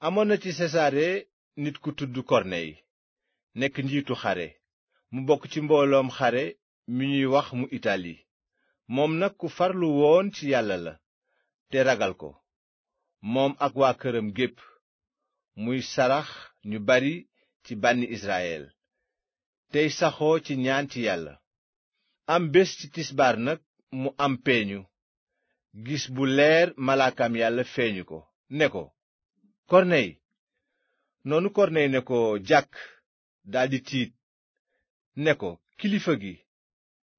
amoon na ci sesaare nit ku tudd korney nekk njiitu xare mu bokk ci mbooloom xare mi ñuy wax mu itali moom nag ku farlu woon ci yàlla la te ragal ko moom ak waa këram gépp muy sarax ñu bari ci bànni israyel tey saxoo ci ñaan ci yàlla am bés ci tisbaar nag mu am peeñu gis bu leer malaakam yàlla feeñu ko ne ko korney noonu korney ne ko jàkk daldi tiit ne ko kilifa gi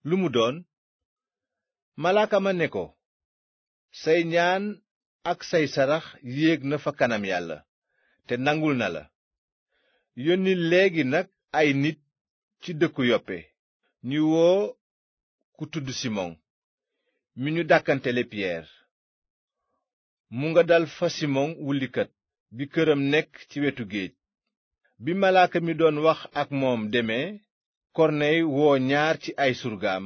lu mu doon malaaka ma ne ko say ñaan ak say sarax yéeg na fa kanam yàlla te nangul na la yónni léegi nag ay nit ci dëkku yoppe ñu woo ku tudd simon mi ñu dàkkantele piyeer mu nga dal fa simon wullikat bi këram nekk ci wetu géej bi malaaka mi doon wax ak moom demee korney woo ñaar ci ay surgaam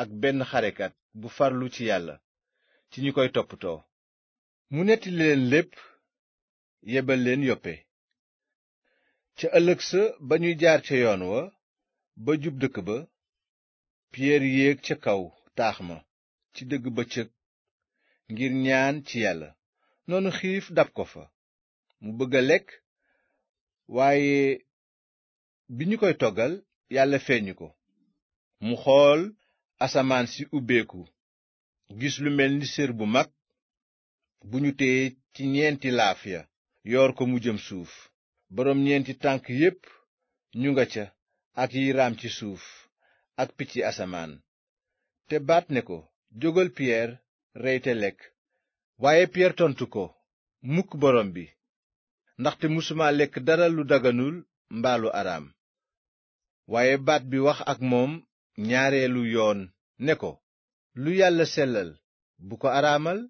ak benn xarekat bu farlu ci yàlla ci ñi koy toppatoo mu nettali leen lépp yebal leen yoppe ca ëllëg sa ba ñuy jaar ca yoon wa ba jub dëkk ba piyeer yéeg ca kaw taax ma ci dëgg bëccëg ngir ñaan ci yàlla noonu xiif dab ko fa mu bëgga lekk waaye bi ñu koy toggal yàlla feeñu ko mu xool asamaan si ubbeeku gis lu mel ni sér bu mag bu ñu téye ci ñeenti laaf ya yoor ko mu jëm suuf boroom ñeenti tànk yépp ñu nga ca ak yi raam ci suuf ak picc asamaan te baat ne ko jógal piyeer rey te lekk waaye piyeer tontu ko mukk borom bi ndaxte mësuma lekk dara lu daganul mbaa lu araam waaye baat bi wax ak moom ñaareelu yoon ne ko lu yàlla sellal bu ko araamal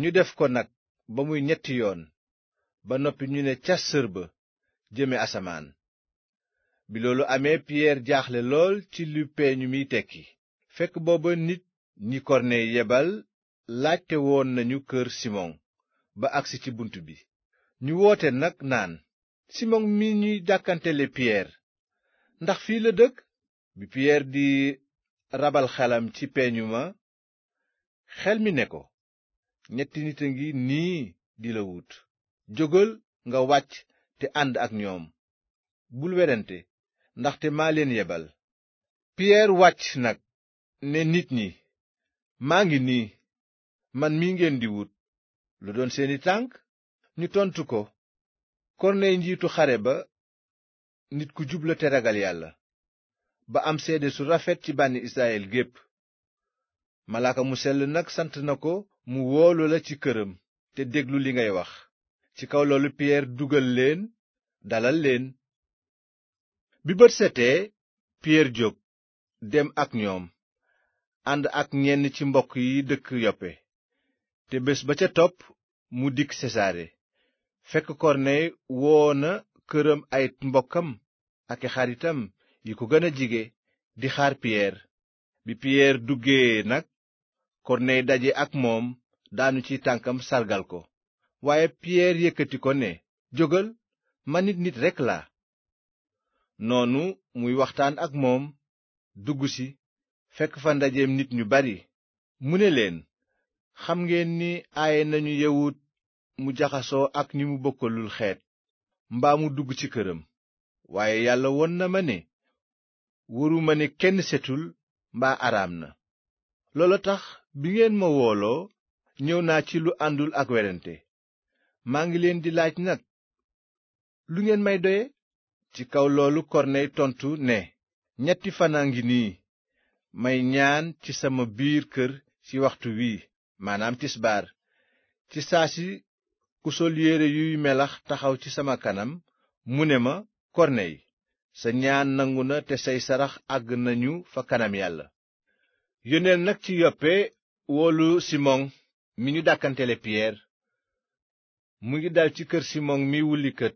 ñu def ko nag ba muy ñetti yoon ba noppi ñu ne cas sër jëme asamaan bi loolu amee piyeer jaaxle lool ci lu peeñu miy tekki fekk booba nit ñi korne yebal laajte woon nañu kër simon ba agsi ci bunt bi ñu woote nag naan simoŋ mi ñuy dàkkantele piyeer ndax fii la dëkk bi piyeer di rabal xelam ci peeñu ma xel mi ne ko ñetti nit a ngi nii di la wut jógal nga wàcc te ànd ak ñoom bul werante ndaxte maa leen yebal piyeer wàcc nag ne nit ñi maa ngi nii man mi ngeen di wut lu doon seeni tànk ñu tontu ko korney njiitu xare ba nit ku jub te ragal yàlla ba am seede su rafet ci bànni israyil gépp malaaka mu sell nag sant na ko mu woolu la ci këram te déglu li ngay wax ci kaw loolu piyeer dugal leen dalal leen bi bët setee piyeer jóg dem ak ñoom ànd ak ñenn ci mbokk yi dëkk yoppe te bés ba ca topp mu dikk sesaare fekk korney woo na këram ay mbokkam ak xaritam yi ko gën a jige di xaar piyeer bi piyeer duggee nag korney daje ak moom daanu ci tànkam sargal ko waaye piyeer yëkkati ko ne jógal man nit nit rekk laa noonu muy waxtaan ak moom dugg si fekk fa ndajeem nit ñu bari mu ne leen xam ngeen ni nañu yawut mu jaxasoo ak ñi mu bokkalul xeet mbaa mu dugg ci këram waaye yàlla won na ma ne waruma ne kenn setul mbaa araam na loolu tax bi ngeen ma wooloo ñëw naa ci lu àndul ak werante maa ngi leen di laaj nag lu ngeen may doye ci kaw loolu korney tontu ne ñetti fanaa ngi nii may ñaan ci sama biir kër ci waxtu wii maanaam tisbaar ci saa si ku sol yére yuy melax taxaw ci sama kanam mu ne ma korney sa ñaan nangu na te say sarax àgg nañu fa kanam yàlla yónneel nag ci yoppe woolu simoŋ mi ñu dàkkantele piyeer mu ngi dal ci kër simoŋ mi wullikat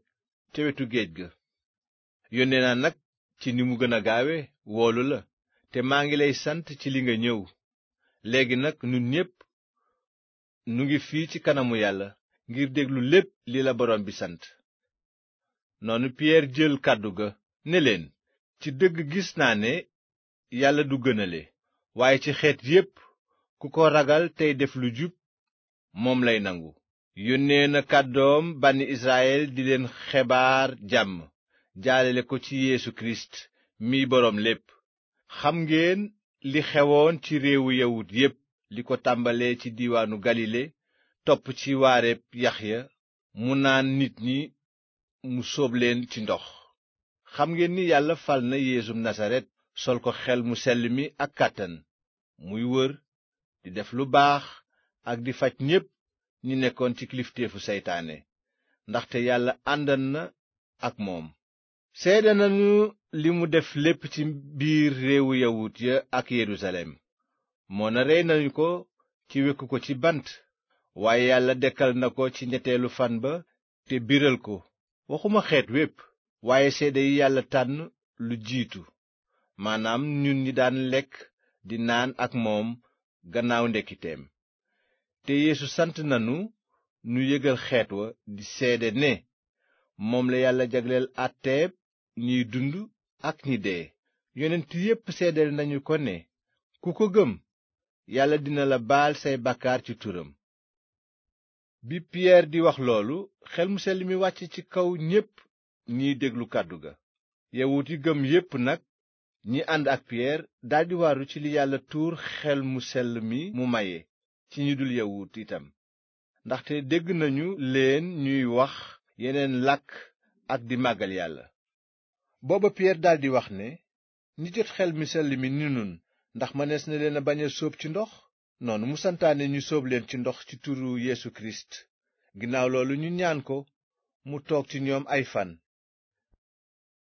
ca wetu géej ga yónnee naa nag ci ni mu gën a gaawe woolu la te maa ngi lay sant ci li nga ñëw léegi nag nun ñépp nu ngi fii ci kanamu yàlla ngir déglu lépp li la borom bi sant noonu piyeer jël kàddu ga ne leen ci dëgg gis naa ne yàlla du gënale waaye ci xeet yépp ku ko ragal tey def lu jub moom lay nangu yónnee na kàddoom bànni Israyil di leen xebaar jàmm jaalale ko ci Yeesu Kirist mi boroom lépp xam ngeen li xewoon ci réewu yawut yépp li ko tàmbalee ci diiwaanu Galile topp ci waareeb ya mu naan nit ñi mu soob leen ci ndox xam ngeen ni yàlla fal na yéesu Nasaret sol ko xel mu sell mi ak kàttan muy wër di def lu baax ak di faj ñépp ñi nekkoon ci kilifteefu seytaane ndaxte yàlla àndan na ak moom seede nañu li mu def lépp ci biir réewu yawut ya ak Yerusalem moona rey nañu ko ci wekku ko ci bant waaye yàlla dekkal na ko ci ñetteelu fan ba te biral ko waxuma xeet wépp waaye seede yi yàlla tànn lu jiitu maanaam ñun ñi daan lekk di naan ak moom gannaaw ndekkiteem te yeesu sant nanu ñu yëgal xeet wa di seede ne moom la yàlla jagleel àtteeb ñiy dund ak ñi dee yonent yépp seedeel nañu ko ne ku ko gëm yàlla dina la baal say bàkkaar ci turam bi piyeer di wax loolu xel mu sell mi wàcc ci kaw ñépp ñiy déglu kàddu ga yawut yi gëm yépp nag ñi ànd ak piyeer daldi waaru ci li yàlla tuur xel mu sell mi mu maye ci ñi dul yawut itam ndaxte dégg nañu leen ñuy wax yeneen làkk ak di màggal yàlla booba piyeer daldi wax ne nit jot xel mu sell mi ni nun ndax mënees na leen a bañ a sóob ci ndox noonu mu santaane ñu sóob leen ci ndox ci turu Yeesu Kirist ginnaaw loolu ñu ñaan ko mu toog ci ñoom ay fan